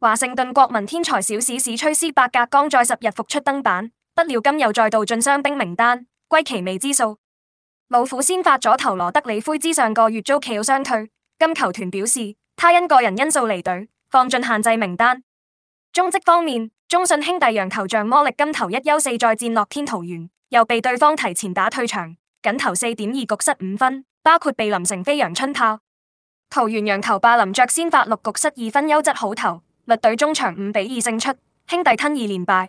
華盛頓國民天才小史史崔斯伯格，剛在十日復出登板，不料今又再度進傷兵名單，歸期未知數。老虎先發左投羅德里奎茲上個月遭其受傷退，今球團表示他因個人因素離隊，放進限制名單。中職方面，中信兄弟洋投象魔力今投一休四再戰樂天桃猿，又被對方提前打退場，僅投四點二局失五分，包括被林承飛陽春炮。桃猿洋投霸林着先發六局失二分優質好投。律隊中場五比二勝出，兄弟吞二連敗。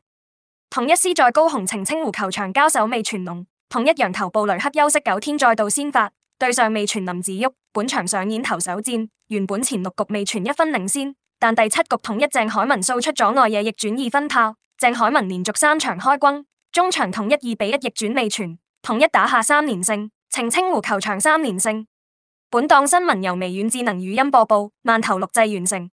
統一獅在高雄澄清湖球場交手味全龍，統一洋投布雷克休息九天再度先發，對上味全林子旭，本場上演投手戰。原本前六局味全一分領先，但第七局統一鄭鎧文掃出左外野，逆轉二分炮。鄭鎧文連續三場開轟，中場統一二比一逆轉味全，統一打下三連勝，澄清湖球場三連勝。本檔新聞由微軟智能語音播報，慢投錄製完成。